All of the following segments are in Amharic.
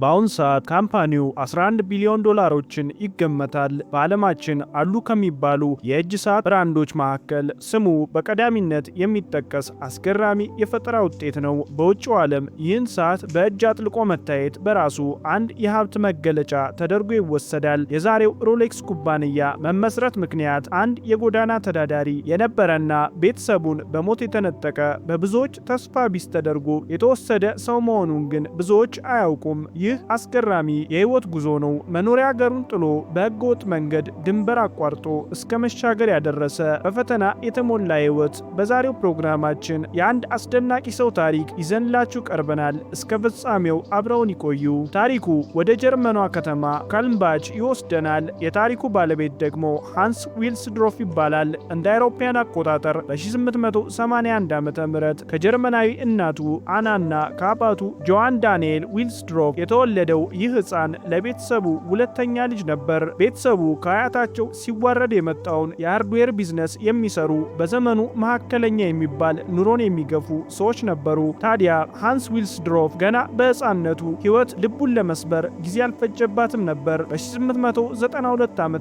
በአሁን ሰዓት ካምፓኒው 11 ቢሊዮን ዶላሮችን ይገመታል። በዓለማችን አሉ ከሚባሉ የእጅ ሰዓት ብራንዶች መካከል ስሙ በቀዳሚነት የሚጠቀስ አስገራሚ የፈጠራ ውጤት ነው። በውጭው ዓለም ይህን ሰዓት በእጅ አጥልቆ መታየት በራሱ አንድ የሀብት መገለጫ ተደርጎ ይወሰዳል። የዛሬው ሮሌክስ ኩባንያ መመስረት ምክንያት አንድ የጎዳና ተዳዳሪ የነበረና ቤተሰቡን በሞት የተነጠቀ በብዙዎች ተስፋ ቢስ ተደርጎ የተወሰደ ሰው መሆኑን ግን ብዙዎች አያውቁም። ይህ አስገራሚ የሕይወት ጉዞ ነው። መኖሪያ ሀገሩን ጥሎ በሕገወጥ መንገድ ድንበር አቋርጦ እስከ መሻገር ያደረሰ በፈተና የተሞላ ህይወት በዛሬው ፕሮግራማችን የአንድ አስደናቂ ሰው ታሪክ ይዘንላችሁ ቀርበናል። እስከ ፍጻሜው አብረውን ይቆዩ። ታሪኩ ወደ ጀርመኗ ከተማ ካልምባች ይወስደናል። የታሪኩ ባለቤት ደግሞ ሃንስ ዊልስድሮፍ ይባላል። እንደ አውሮፓውያን አቆጣጠር በ1881 ዓ ም ከጀርመናዊ እናቱ አናና ከአባቱ ጆዋን ዳንኤል ዊልስድሮፍ የተወለደው ይህ ሕፃን ለቤተሰቡ ሁለተኛ ልጅ ነበር። ቤተሰቡ ከአያታቸው ሲዋረድ የመጣውን የሃርድዌር ቢዝነስ የሚሰሩ በዘመኑ መካከለኛ የሚባል ኑሮን የሚገፉ ሰዎች ነበሩ። ታዲያ ሃንስ ዊልስ ድሮፍ ገና በሕፃንነቱ ሕይወት ልቡን ለመስበር ጊዜ አልፈጀባትም ነበር። በ892 ዓ ም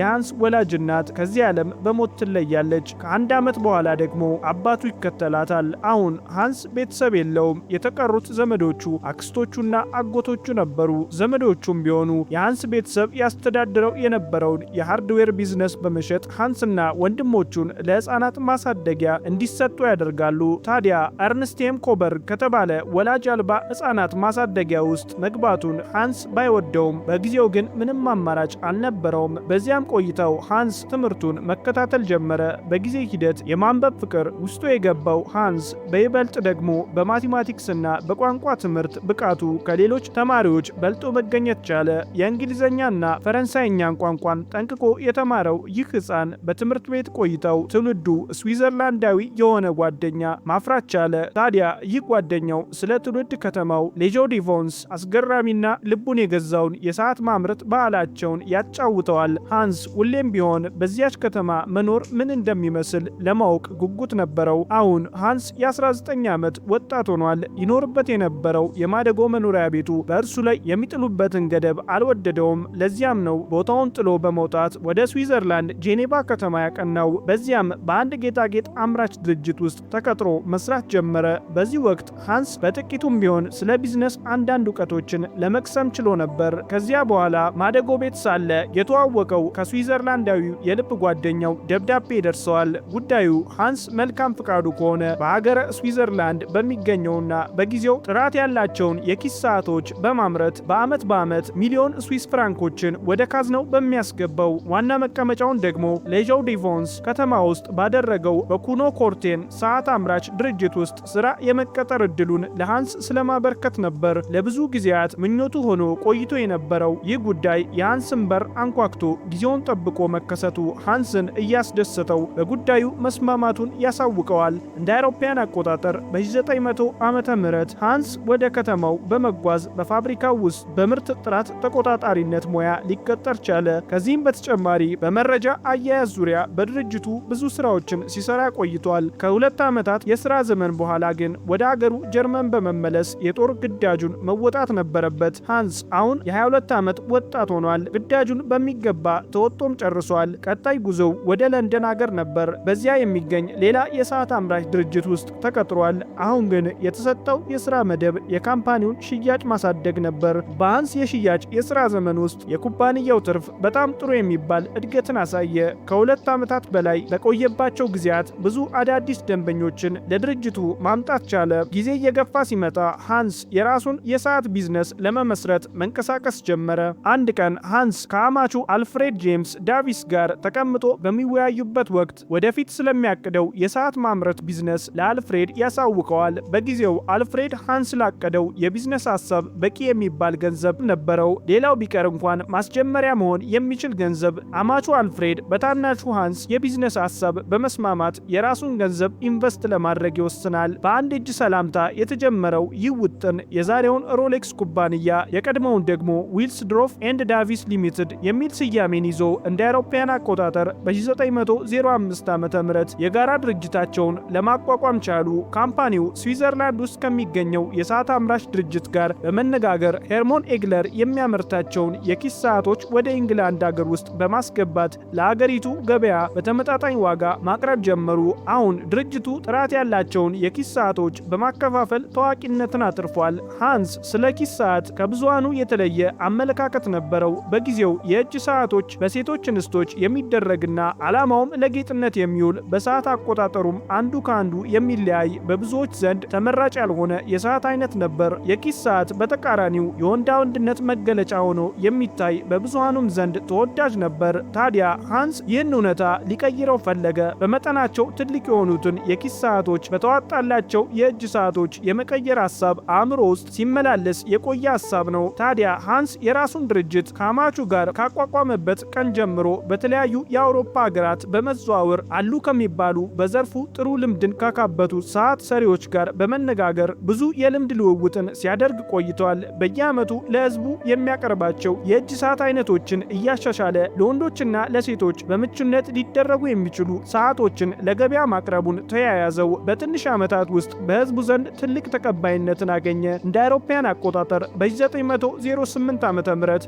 የሃንስ ወላጅ እናት ከዚህ ዓለም በሞት ትለያለች። ከአንድ ዓመት በኋላ ደግሞ አባቱ ይከተላታል። አሁን ሃንስ ቤተሰብ የለውም። የተቀሩት ዘመዶቹ አክስቶቹና አጎ አጎቶቹ ነበሩ። ዘመዶቹም ቢሆኑ የሃንስ ቤተሰብ ያስተዳድረው የነበረውን የሃርድዌር ቢዝነስ በመሸጥ ሃንስና ወንድሞቹን ለህፃናት ማሳደጊያ እንዲሰጡ ያደርጋሉ። ታዲያ አርንስቴም ኮበር ከተባለ ወላጅ አልባ ህፃናት ማሳደጊያ ውስጥ መግባቱን ሃንስ ባይወደውም በጊዜው ግን ምንም አማራጭ አልነበረውም። በዚያም ቆይተው ሃንስ ትምህርቱን መከታተል ጀመረ። በጊዜ ሂደት የማንበብ ፍቅር ውስጡ የገባው ሃንስ በይበልጥ ደግሞ በማቴማቲክስና በቋንቋ ትምህርት ብቃቱ ከሌሎች ተማሪዎች በልጦ መገኘት ቻለ። የእንግሊዝኛና ፈረንሳይኛን ቋንቋን ጠንቅቆ የተማረው ይህ ህፃን በትምህርት ቤት ቆይተው፣ ትውልዱ ስዊዘርላንዳዊ የሆነ ጓደኛ ማፍራት ቻለ። ታዲያ ይህ ጓደኛው ስለ ትውልድ ከተማው ሌጆ ዲቮንስ አስገራሚና ልቡን የገዛውን የሰዓት ማምረት ባህላቸውን ያጫውተዋል። ሃንስ ሁሌም ቢሆን በዚያች ከተማ መኖር ምን እንደሚመስል ለማወቅ ጉጉት ነበረው። አሁን ሃንስ የ19 ዓመት ወጣት ሆኗል። ይኖርበት የነበረው የማደጎ መኖሪያ ቤቱ በእርሱ ላይ የሚጥሉበትን ገደብ አልወደደውም። ለዚያም ነው ቦታውን ጥሎ በመውጣት ወደ ስዊዘርላንድ ጄኔቫ ከተማ ያቀናው። በዚያም በአንድ ጌጣጌጥ አምራች ድርጅት ውስጥ ተቀጥሮ መስራት ጀመረ። በዚህ ወቅት ሃንስ በጥቂቱም ቢሆን ስለ ቢዝነስ አንዳንድ እውቀቶችን ለመቅሰም ችሎ ነበር። ከዚያ በኋላ ማደጎ ቤት ሳለ የተዋወቀው ከስዊዘርላንዳዊ የልብ ጓደኛው ደብዳቤ ደርሰዋል። ጉዳዩ ሃንስ መልካም ፍቃዱ ከሆነ በሀገረ ስዊዘርላንድ በሚገኘውና በጊዜው ጥራት ያላቸውን የኪስ ሰዓቶች ምርቶች በማምረት በዓመት በዓመት ሚሊዮን ስዊስ ፍራንኮችን ወደ ካዝነው በሚያስገባው ዋና መቀመጫውን ደግሞ ሌዣው ዲቮንስ ከተማ ውስጥ ባደረገው በኩኖ ኮርቴን ሰዓት አምራች ድርጅት ውስጥ ስራ የመቀጠር እድሉን ለሃንስ ስለማበርከት ነበር ለብዙ ጊዜያት ምኞቱ ሆኖ ቆይቶ የነበረው ይህ ጉዳይ የሃንስን በር አንኳክቶ ጊዜውን ጠብቆ መከሰቱ ሃንስን እያስደሰተው በጉዳዩ መስማማቱን ያሳውቀዋል። እንደ አውሮፓውያን አቆጣጠር በ900 ዓ ም ሃንስ ወደ ከተማው በመጓዝ በፋብሪካው ውስጥ በምርት ጥራት ተቆጣጣሪነት ሙያ ሊቀጠር ቻለ። ከዚህም በተጨማሪ በመረጃ አያያዝ ዙሪያ በድርጅቱ ብዙ ስራዎችን ሲሰራ ቆይቷል። ከሁለት ዓመታት የስራ ዘመን በኋላ ግን ወደ አገሩ ጀርመን በመመለስ የጦር ግዳጁን መወጣት ነበረበት። ሃንስ አሁን የ22 ዓመት ወጣት ሆኗል። ግዳጁን በሚገባ ተወጦም ጨርሷል። ቀጣይ ጉዞው ወደ ለንደን አገር ነበር። በዚያ የሚገኝ ሌላ የሰዓት አምራች ድርጅት ውስጥ ተቀጥሯል። አሁን ግን የተሰጠው የስራ መደብ የካምፓኒውን ሽያጭ ማሳደግ ነበር። በሃንስ የሽያጭ የሥራ ዘመን ውስጥ የኩባንያው ትርፍ በጣም ጥሩ የሚባል እድገትን አሳየ። ከሁለት ዓመታት በላይ በቆየባቸው ጊዜያት ብዙ አዳዲስ ደንበኞችን ለድርጅቱ ማምጣት ቻለ። ጊዜ እየገፋ ሲመጣ ሃንስ የራሱን የሰዓት ቢዝነስ ለመመስረት መንቀሳቀስ ጀመረ። አንድ ቀን ሃንስ ከአማቹ አልፍሬድ ጄምስ ዳቪስ ጋር ተቀምጦ በሚወያዩበት ወቅት ወደፊት ስለሚያቅደው የሰዓት ማምረት ቢዝነስ ለአልፍሬድ ያሳውቀዋል። በጊዜው አልፍሬድ ሃንስ ላቀደው የቢዝነስ ሐሳብ በቂ የሚባል ገንዘብ ነበረው። ሌላው ቢቀር እንኳን ማስጀመሪያ መሆን የሚችል ገንዘብ። አማቹ አልፍሬድ በታናሹ ሃንስ የቢዝነስ ሀሳብ በመስማማት የራሱን ገንዘብ ኢንቨስት ለማድረግ ይወስናል። በአንድ እጅ ሰላምታ የተጀመረው ይህ ውጥን የዛሬውን ሮሌክስ ኩባንያ የቀድሞውን ደግሞ ዊልስ ድሮፍ ኤንድ ዳቪስ ሊሚትድ የሚል ስያሜን ይዞ እንደ አውሮፓውያን አቆጣጠር በ1905 ዓ ም የጋራ ድርጅታቸውን ለማቋቋም ቻሉ። ካምፓኒው ስዊዘርላንድ ውስጥ ከሚገኘው የሰዓት አምራች ድርጅት ጋር በመነጋገር ሄርሞን ኤግለር የሚያመርታቸውን የኪስ ሰዓቶች ወደ ኢንግላንድ አገር ውስጥ በማስገባት ለአገሪቱ ገበያ በተመጣጣኝ ዋጋ ማቅረብ ጀመሩ። አሁን ድርጅቱ ጥራት ያላቸውን የኪስ ሰዓቶች በማከፋፈል ታዋቂነትን አትርፏል። ሃንስ ስለ ኪስ ሰዓት ከብዙሃኑ የተለየ አመለካከት ነበረው። በጊዜው የእጅ ሰዓቶች በሴቶች እንስቶች የሚደረግና ዓላማውም ለጌጥነት የሚውል በሰዓት አቆጣጠሩም አንዱ ከአንዱ የሚለያይ በብዙዎች ዘንድ ተመራጭ ያልሆነ የሰዓት አይነት ነበር። የኪስ ሰዓት በተቃራኒው የወንዳ ወንድነት መገለጫ ሆኖ የሚታይ በብዙሃኑም ዘንድ ተወዳጅ ነበር። ታዲያ ሃንስ ይህን እውነታ ሊቀይረው ፈለገ። በመጠናቸው ትልቅ የሆኑትን የኪስ ሰዓቶች በተዋጣላቸው የእጅ ሰዓቶች የመቀየር ሀሳብ አእምሮ ውስጥ ሲመላለስ የቆየ ሀሳብ ነው። ታዲያ ሃንስ የራሱን ድርጅት ከአማቹ ጋር ካቋቋመበት ቀን ጀምሮ በተለያዩ የአውሮፓ ሀገራት በመዘዋወር አሉ ከሚባሉ በዘርፉ ጥሩ ልምድን ካካበቱ ሰዓት ሰሪዎች ጋር በመነጋገር ብዙ የልምድ ልውውጥን ሲያደርግ ቆይቷል። ቆይቷል። በየዓመቱ ለህዝቡ የሚያቀርባቸው የእጅ ሰዓት አይነቶችን እያሻሻለ ለወንዶችና ለሴቶች በምቹነት ሊደረጉ የሚችሉ ሰዓቶችን ለገበያ ማቅረቡን ተያያዘው በትንሽ ዓመታት ውስጥ በህዝቡ ዘንድ ትልቅ ተቀባይነትን አገኘ። እንደ አውሮፓውያን አቆጣጠር በ1908 ዓ ም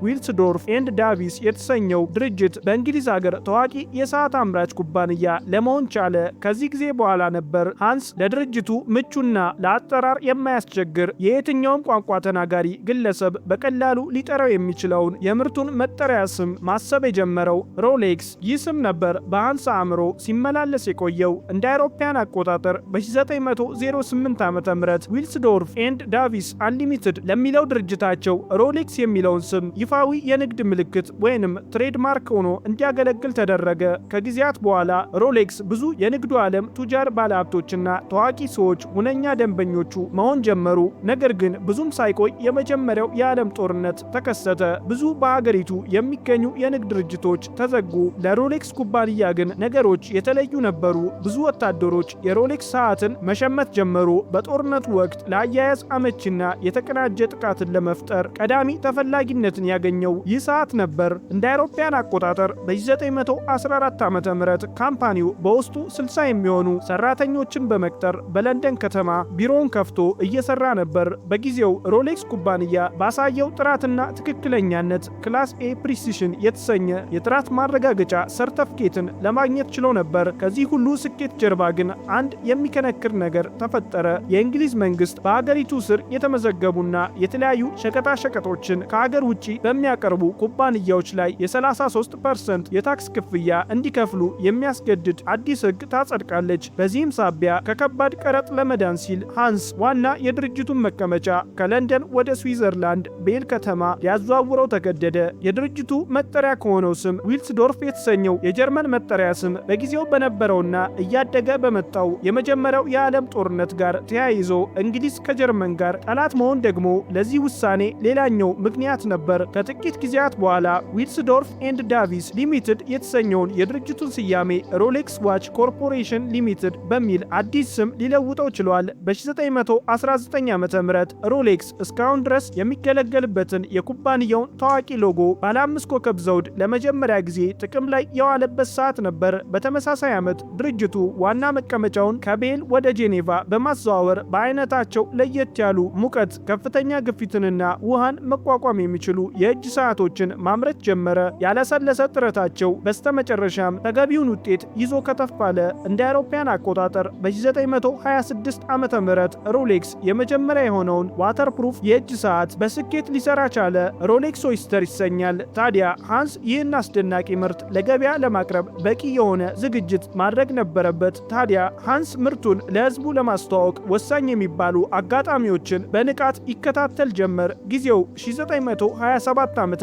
ዊልስዶርፍ ኤንድ ዳቪስ የተሰኘው ድርጅት በእንግሊዝ ሀገር ታዋቂ የሰዓት አምራች ኩባንያ ለመሆን ቻለ። ከዚህ ጊዜ በኋላ ነበር ሃንስ ለድርጅቱ ምቹና ለአጠራር የማያስቸግር የየትኛውም ቋንቋ ተና ተናጋሪ ግለሰብ በቀላሉ ሊጠራው የሚችለውን የምርቱን መጠሪያ ስም ማሰብ የጀመረው ሮሌክስ ይህ ስም ነበር በሃንስ አእምሮ ሲመላለስ የቆየው። እንደ አውሮፓያን አቆጣጠር በ1908 ዓ ም ዊልስዶርፍ ኤንድ ዳቪስ አንሊሚትድ ለሚለው ድርጅታቸው ሮሌክስ የሚለውን ስም ይፋዊ የንግድ ምልክት ወይንም ትሬድማርክ ሆኖ እንዲያገለግል ተደረገ። ከጊዜያት በኋላ ሮሌክስ ብዙ የንግዱ ዓለም ቱጃር ባለሀብቶችና ታዋቂ ሰዎች ሁነኛ ደንበኞቹ መሆን ጀመሩ። ነገር ግን ብዙም ሳይ። ሳይቆይ የመጀመሪያው የዓለም ጦርነት ተከሰተ። ብዙ በአገሪቱ የሚገኙ የንግድ ድርጅቶች ተዘጉ። ለሮሌክስ ኩባንያ ግን ነገሮች የተለዩ ነበሩ። ብዙ ወታደሮች የሮሌክስ ሰዓትን መሸመት ጀመሩ። በጦርነቱ ወቅት ለአያያዝ አመቺና የተቀናጀ ጥቃትን ለመፍጠር ቀዳሚ ተፈላጊነትን ያገኘው ይህ ሰዓት ነበር። እንደ አውሮፓያን አቆጣጠር በ914 ዓ ም ካምፓኒው በውስጡ 60 የሚሆኑ ሰራተኞችን በመቅጠር በለንደን ከተማ ቢሮውን ከፍቶ እየሰራ ነበር። በጊዜው ሮሌክስ ሮሌክስ ኩባንያ ባሳየው ጥራትና ትክክለኛነት ክላስ ኤ ፕሪሲሽን የተሰኘ የጥራት ማረጋገጫ ሰርተፍኬትን ለማግኘት ችሎ ነበር። ከዚህ ሁሉ ስኬት ጀርባ ግን አንድ የሚከነክር ነገር ተፈጠረ። የእንግሊዝ መንግስት በሀገሪቱ ስር የተመዘገቡና የተለያዩ ሸቀጣሸቀጦችን ከሀገር ውጭ በሚያቀርቡ ኩባንያዎች ላይ የ33 ፐርሰንት የታክስ ክፍያ እንዲከፍሉ የሚያስገድድ አዲስ ሕግ ታጸድቃለች። በዚህም ሳቢያ ከከባድ ቀረጥ ለመዳን ሲል ሃንስ ዋና የድርጅቱን መቀመጫ ከለንደን ማዕከል ወደ ስዊዘርላንድ ቤል ከተማ ሊያዘዋውረው ተገደደ። የድርጅቱ መጠሪያ ከሆነው ስም ዊልስዶርፍ የተሰኘው የጀርመን መጠሪያ ስም በጊዜው በነበረውና እያደገ በመጣው የመጀመሪያው የዓለም ጦርነት ጋር ተያይዞ እንግሊዝ ከጀርመን ጋር ጠላት መሆን ደግሞ ለዚህ ውሳኔ ሌላኛው ምክንያት ነበር። ከጥቂት ጊዜያት በኋላ ዊልስዶርፍ ኤንድ ዳቪስ ሊሚትድ የተሰኘውን የድርጅቱን ስያሜ ሮሌክስ ዋች ኮርፖሬሽን ሊሚትድ በሚል አዲስ ስም ሊለውጠው ችሏል። በ1919 ዓ ም ሮሌክስ እስካሁን ድረስ የሚገለገልበትን የኩባንያውን ታዋቂ ሎጎ ባለ አምስት ኮከብ ዘውድ ለመጀመሪያ ጊዜ ጥቅም ላይ የዋለበት ሰዓት ነበር። በተመሳሳይ ዓመት ድርጅቱ ዋና መቀመጫውን ከቤል ወደ ጄኔቫ በማዘዋወር በአይነታቸው ለየት ያሉ ሙቀት፣ ከፍተኛ ግፊትንና ውሃን መቋቋም የሚችሉ የእጅ ሰዓቶችን ማምረት ጀመረ። ያላሰለሰ ጥረታቸው በስተመጨረሻም ተገቢውን ውጤት ይዞ ከተፋለ እንደ አውሮፓያን አቆጣጠር በ1926 ዓ ም ሮሌክስ የመጀመሪያ የሆነውን ዋተርፕሩፍ የእጅ ሰዓት በስኬት ሊሰራ ቻለ። ሮሌክስ ኦይስተር ይሰኛል። ታዲያ ሃንስ ይህን አስደናቂ ምርት ለገበያ ለማቅረብ በቂ የሆነ ዝግጅት ማድረግ ነበረበት። ታዲያ ሃንስ ምርቱን ለህዝቡ ለማስተዋወቅ ወሳኝ የሚባሉ አጋጣሚዎችን በንቃት ይከታተል ጀመር። ጊዜው 927 ዓ ም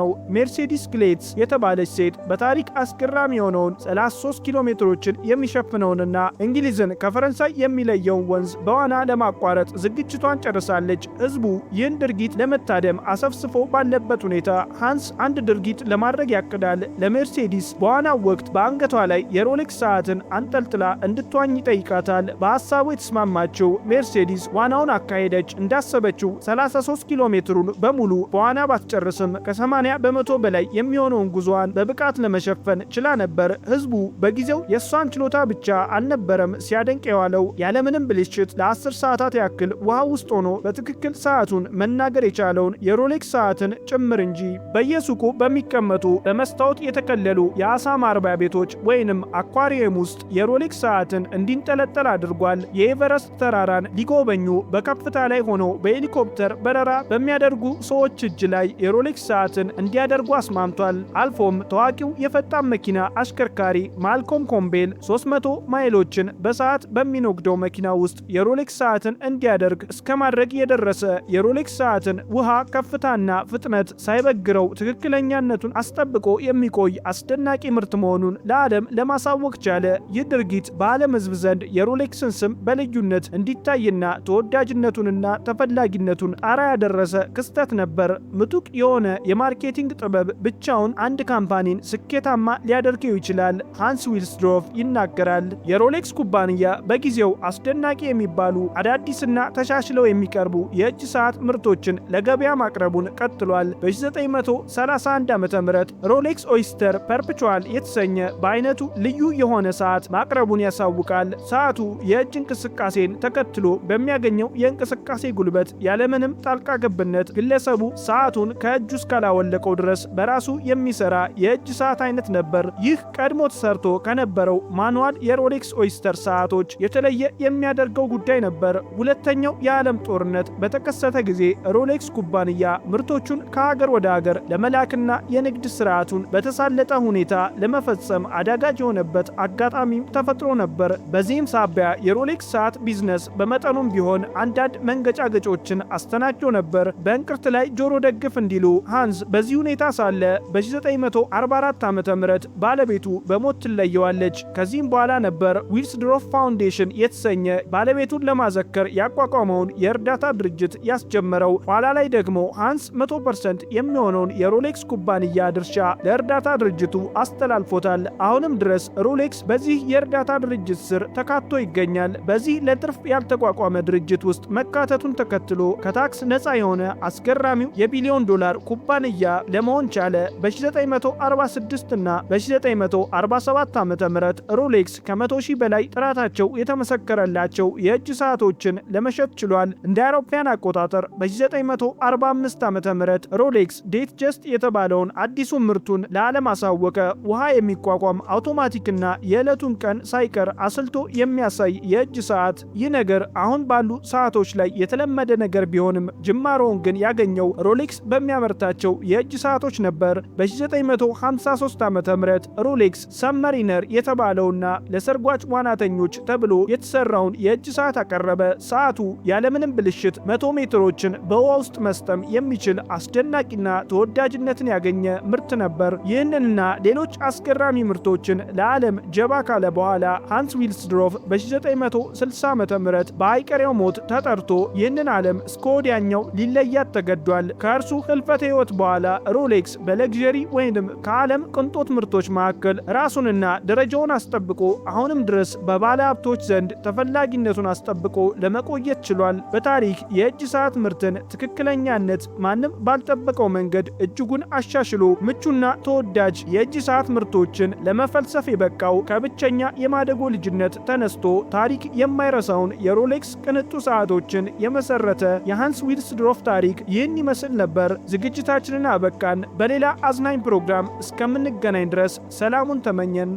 ነው። ሜርሴዲስ ግሌትስ የተባለች ሴት በታሪክ አስገራሚ የሆነውን 33 ኪሎ ሜትሮችን የሚሸፍነውንና እንግሊዝን ከፈረንሳይ የሚለየውን ወንዝ በዋና ለማቋረጥ ዝግጅቷን ጨርሳለች። ህዝቡ ህዝቡ ይህን ድርጊት ለመታደም አሰፍስፎ ባለበት ሁኔታ ሃንስ አንድ ድርጊት ለማድረግ ያቅዳል። ለሜርሴዲስ በዋናው ወቅት በአንገቷ ላይ የሮሌክስ ሰዓትን አንጠልጥላ እንድትዋኝ ይጠይቃታል። በሀሳቡ የተስማማችው ሜርሴዲስ ዋናውን አካሄደች። እንዳሰበችው 33 ኪሎ ሜትሩን በሙሉ በዋና ባትጨርስም ከ80 በመቶ በላይ የሚሆነውን ጉዞዋን በብቃት ለመሸፈን ችላ ነበር። ህዝቡ በጊዜው የእሷን ችሎታ ብቻ አልነበረም ሲያደንቅ የዋለው ያለምንም ብልሽት ለ10 ሰዓታት ያክል ውሃ ውስጥ ሆኖ በትክክል ሰዓቱን መናገር የቻለውን የሮሌክስ ሰዓትን ጭምር እንጂ በየሱቁ በሚቀመጡ በመስታወት የተከለሉ የአሳ ማርቢያ ቤቶች ወይንም አኳሪየም ውስጥ የሮሌክስ ሰዓትን እንዲንጠለጠል አድርጓል። የኤቨረስት ተራራን ሊጎበኙ በከፍታ ላይ ሆነው በሄሊኮፕተር በረራ በሚያደርጉ ሰዎች እጅ ላይ የሮሌክስ ሰዓትን እንዲያደርጉ አስማምቷል። አልፎም ታዋቂው የፈጣን መኪና አሽከርካሪ ማልኮም ኮምቤል 300 ማይሎችን በሰዓት በሚኖግደው መኪና ውስጥ የሮሌክስ ሰዓትን እንዲያደርግ እስከ ማድረግ የደረሰ የሮሌክስ ሰዓትን ውሃ ከፍታና ፍጥነት ሳይበግረው ትክክለኛነቱን አስጠብቆ የሚቆይ አስደናቂ ምርት መሆኑን ለዓለም ለማሳወቅ ቻለ። ይህ ድርጊት በዓለም ሕዝብ ዘንድ የሮሌክስን ስም በልዩነት እንዲታይና ተወዳጅነቱንና ተፈላጊነቱን ጣራ ያደረሰ ክስተት ነበር። ምጡቅ የሆነ የማርኬቲንግ ጥበብ ብቻውን አንድ ካምፓኒን ስኬታማ ሊያደርገው ይችላል፣ ሃንስ ዊልስድሮፍ ይናገራል። የሮሌክስ ኩባንያ በጊዜው አስደናቂ የሚባሉ አዳዲስና ተሻሽለው የሚቀርቡ የእጅ ሰዓት ምርቶችን ለገበያ ማቅረቡን ቀጥሏል። በ931 ዓ ም ሮሌክስ ኦይስተር ፐርፕቹዋል የተሰኘ በአይነቱ ልዩ የሆነ ሰዓት ማቅረቡን ያሳውቃል። ሰዓቱ የእጅ እንቅስቃሴን ተከትሎ በሚያገኘው የእንቅስቃሴ ጉልበት ያለምንም ጣልቃ ገብነት ግለሰቡ ሰዓቱን ከእጁ እስካላወለቀው ድረስ በራሱ የሚሰራ የእጅ ሰዓት አይነት ነበር። ይህ ቀድሞ ተሰርቶ ከነበረው ማኑዋል የሮሌክስ ኦይስተር ሰዓቶች የተለየ የሚያደርገው ጉዳይ ነበር። ሁለተኛው የዓለም ጦርነት በተከ በተከሰተ ጊዜ ሮሌክስ ኩባንያ ምርቶቹን ከሀገር ወደ ሀገር ለመላክና የንግድ ስርዓቱን በተሳለጠ ሁኔታ ለመፈጸም አዳጋጅ የሆነበት አጋጣሚም ተፈጥሮ ነበር። በዚህም ሳቢያ የሮሌክስ ሰዓት ቢዝነስ በመጠኑም ቢሆን አንዳንድ መንገጫገጮችን አስተናግዶ ነበር። በእንቅርት ላይ ጆሮ ደግፍ እንዲሉ ሃንስ በዚህ ሁኔታ ሳለ በ944 ዓ ም ባለቤቱ በሞት ትለየዋለች። ከዚህም በኋላ ነበር ዊልስድሮፍ ፋውንዴሽን የተሰኘ ባለቤቱን ለማዘከር ያቋቋመውን የእርዳታ ድርጅት ያስጀመረው። ኋላ ላይ ደግሞ ሃንስ 100% የሚሆነውን የሮሌክስ ኩባንያ ድርሻ ለእርዳታ ድርጅቱ አስተላልፎታል። አሁንም ድረስ ሮሌክስ በዚህ የእርዳታ ድርጅት ስር ተካቶ ይገኛል። በዚህ ለትርፍ ያልተቋቋመ ድርጅት ውስጥ መካተቱን ተከትሎ ከታክስ ነፃ የሆነ አስገራሚው የቢሊዮን ዶላር ኩባንያ ለመሆን ቻለ። በ1946 እና በ1947 ዓ ም ሮሌክስ ከ100 ሺህ በላይ ጥራታቸው የተመሰከረላቸው የእጅ ሰዓቶችን ለመሸጥ ችሏል። እንደ አውሮፓውያን አቆ አቆጣጠር በ1945 ዓ ም ሮሌክስ ዴት ጀስት የተባለውን አዲሱን ምርቱን ለዓለም አሳወቀ። ውሃ የሚቋቋም አውቶማቲክና የዕለቱን ቀን ሳይቀር አስልቶ የሚያሳይ የእጅ ሰዓት። ይህ ነገር አሁን ባሉ ሰዓቶች ላይ የተለመደ ነገር ቢሆንም ጅማሮውን ግን ያገኘው ሮሌክስ በሚያመርታቸው የእጅ ሰዓቶች ነበር። በ1953 ዓ ም ሮሌክስ ሰብመሪነር የተባለውና ለሰርጓጭ ዋናተኞች ተብሎ የተሰራውን የእጅ ሰዓት አቀረበ። ሰዓቱ ያለምንም ብልሽት መቶ ሜትሮችን በውሃ ውስጥ መስጠም የሚችል አስደናቂና ተወዳጅነትን ያገኘ ምርት ነበር። ይህንንና ሌሎች አስገራሚ ምርቶችን ለዓለም ጀባ ካለ በኋላ ሃንስ ዊልስድሮፍ በ1960 ዓ ም በአይቀሬው ሞት ተጠርቶ ይህንን ዓለም እስከ ወዲያኛው ሊለያት ተገዷል። ከእርሱ ህልፈተ ሕይወት በኋላ ሮሌክስ በለግዠሪ ወይንም ከዓለም ቅንጦት ምርቶች መካከል ራሱንና ደረጃውን አስጠብቆ አሁንም ድረስ በባለ ሀብቶች ዘንድ ተፈላጊነቱን አስጠብቆ ለመቆየት ችሏል። በታሪክ የእጅ የሰዓት ምርትን ትክክለኛነት ማንም ባልጠበቀው መንገድ እጅጉን አሻሽሎ ምቹና ተወዳጅ የእጅ ሰዓት ምርቶችን ለመፈልሰፍ የበቃው ከብቸኛ የማደጎ ልጅነት ተነስቶ ታሪክ የማይረሳውን የሮሌክስ ቅንጡ ሰዓቶችን የመሰረተ የሃንስ ዊልስድሮፍ ታሪክ ይህን ይመስል ነበር። ዝግጅታችንን አበቃን። በሌላ አዝናኝ ፕሮግራም እስከምንገናኝ ድረስ ሰላሙን ተመኘን።